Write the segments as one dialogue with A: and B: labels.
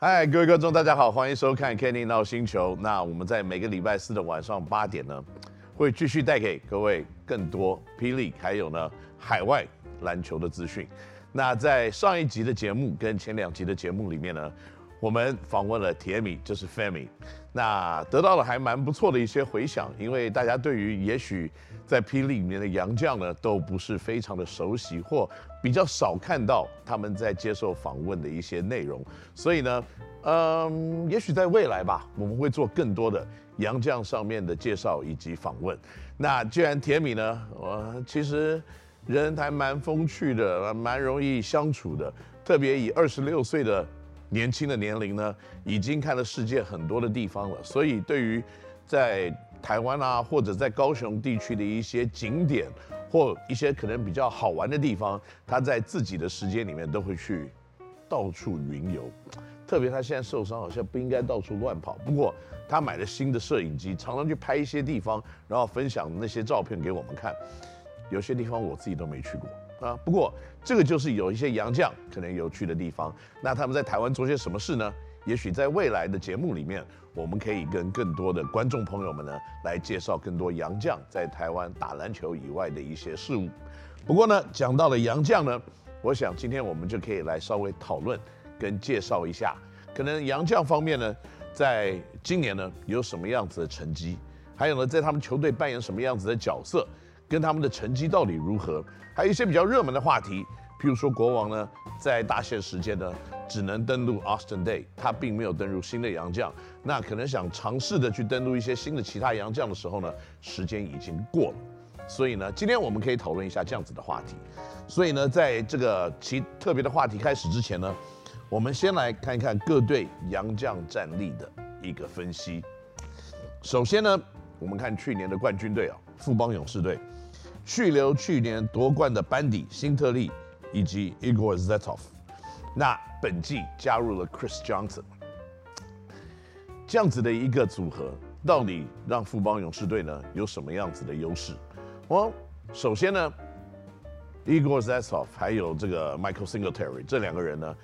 A: 嗨，Hi, 各位觀眾，大家好，歡迎收看《Kenny NOW 星球》。那我們在每個禮拜四的晚上八點呢，會繼續帶給各位更多 P-League, 還有呢海外籃球的資訊。那在上一集的節目跟前兩集的節目裡面呢。我們訪問了田米，就是 Femi。那得到了還蠻不錯的一些回響，因為大家對於也許在霹靂裡面的洋將呢，都不是非常的熟悉或比較少看到他們在接受訪問的一些內容，所以呢，嗯，也許在未來吧，我們會做更多的洋將上面的介紹以及訪問。那既然田米呢，我、呃、其實人還蠻風趣的，蠻容易相處的，特別以二十六歲的。年輕的年齡呢，已經看了世界很多的地方了。所以對於在台灣啊，或者在高雄地區的一些景點或一些可能比較好玩的地方，他在自己的時間裡面都會去到處雲遊。特別他現在受傷，好像不應該到處亂跑。不過他買了新的攝影機，常常去拍一些地方，然後分享那些照片給我們看。有些地方我自己都沒去過。啊，不過這個就是有一些洋將可能有趣的地方。那他們在台灣做些什麼事呢？也許在未來的節目裡面，我們可以跟更多的觀眾朋友們呢來介紹更多洋將在台灣打籃球以外的一些事物。不過呢，講到了洋將呢，我想今天我們就可以來稍微討論跟介紹一下，可能洋將方面呢，在今年呢有什麼樣子的成績，還有呢，在他們球隊扮演什麼樣子的角色。跟他們的成績到底如何？還有一些比較熱門的話題，譬如說，國王呢，在大限時間呢，只能登錄 Austin Daye，他並沒有登錄新的洋將，那可能想嘗試著去登錄一些新的其他洋將的時候呢，時間已經過了，所以呢，今天我們可以討論一下這樣子的話題。所以呢，在這個其特別的話題開始之前呢，我們先來看一看各隊洋將戰力的一個分析。首先呢，我們看去年的冠軍隊啊，富邦勇士隊。去留，去年奪冠的班底辛特利、以及 Igor Zetov，那本季加入了 Chris Johnson，這樣子的一個組合，到底讓富邦勇士隊呢有什麼樣子的優勢？哦，首先呢，Igor Zetov 還有這個 Michael Singletary 這兩個人呢，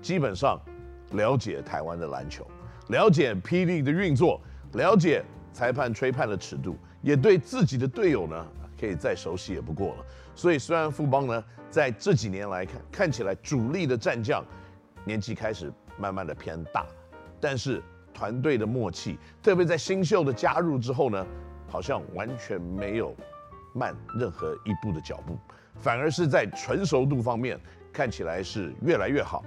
A: 基本上了解台灣的籃球，了解 PLG 的運作，了解裁判吹判的尺度，也對自己的隊友呢。可以再熟悉也不過了。所以，雖然富邦呢，在這幾年來看，看起來主力的戰將年紀開始慢慢的偏大，但是團隊的默契，特別在新秀的加入之後呢，好像完全沒有慢任何一步的腳步，反而是在純熟度方面看起來是越來越好。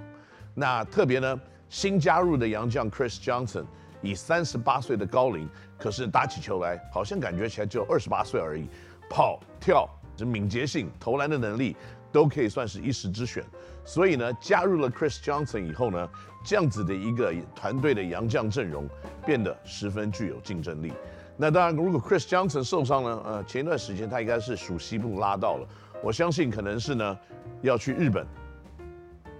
A: 那特別呢，新加入的洋將 Chris Johnson，以三十八歲的高齡，可是打起球來好像感覺起來只有二十八歲而已。跑跳這敏捷性，投籃的能力都可以算是一時之選，所以呢，加入了 Chris Johnson 以後呢，這樣子的一個團隊的洋將陣容變得十分具有競爭力。那當然，如果 Chris Johnson 受傷呢，呃，前一段時間他應該是鼠蹊部拉到了，我相信可能是呢要去日本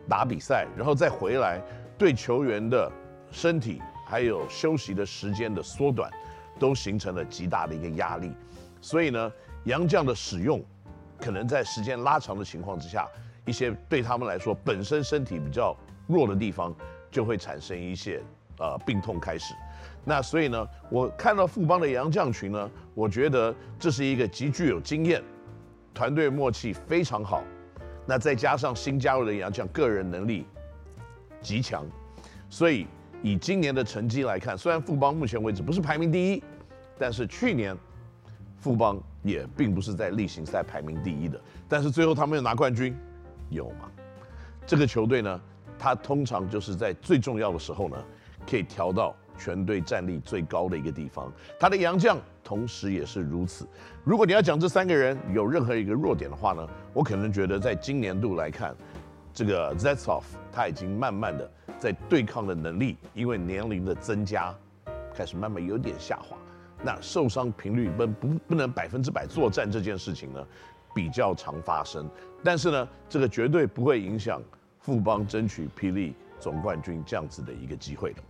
A: 打比賽，然後再回來，對球員的身體還有休息的時間的縮短，都形成了極大的一個壓力，所以呢，洋將的使用，可能在時間拉長的情況之下，一些對他們來說本身身體比較弱的地方，就會產生一些呃病痛開始。那所以呢，我看到富邦的洋將群呢，我覺得這是一個極具有經驗，團隊默契非常好，那再加上新加入的洋將個人能力極強，所以以今年的成績來看，雖然富邦目前為止不是排名第一，但是去年富邦也並不是在例行賽排名第一的，但是最後他沒有拿冠軍，有嗎？這個球隊呢，他通常就是在最重要的時候呢，可以調到全隊戰力最高的一個地方。他的洋將，同時也是如此。如果你要講這三個人有任何一個弱點的話呢，我可能覺得在今年度來看，這個 Zetsov 他已經慢慢的在對抗的能力，因為年齡的增加，開始慢慢有點下滑。那受傷頻率不能，不，不能百分之百作戰這件事情呢，比較常發生，但是呢，這個絕對不會影響富邦爭取 PLG 總冠軍這樣子的一個機會的。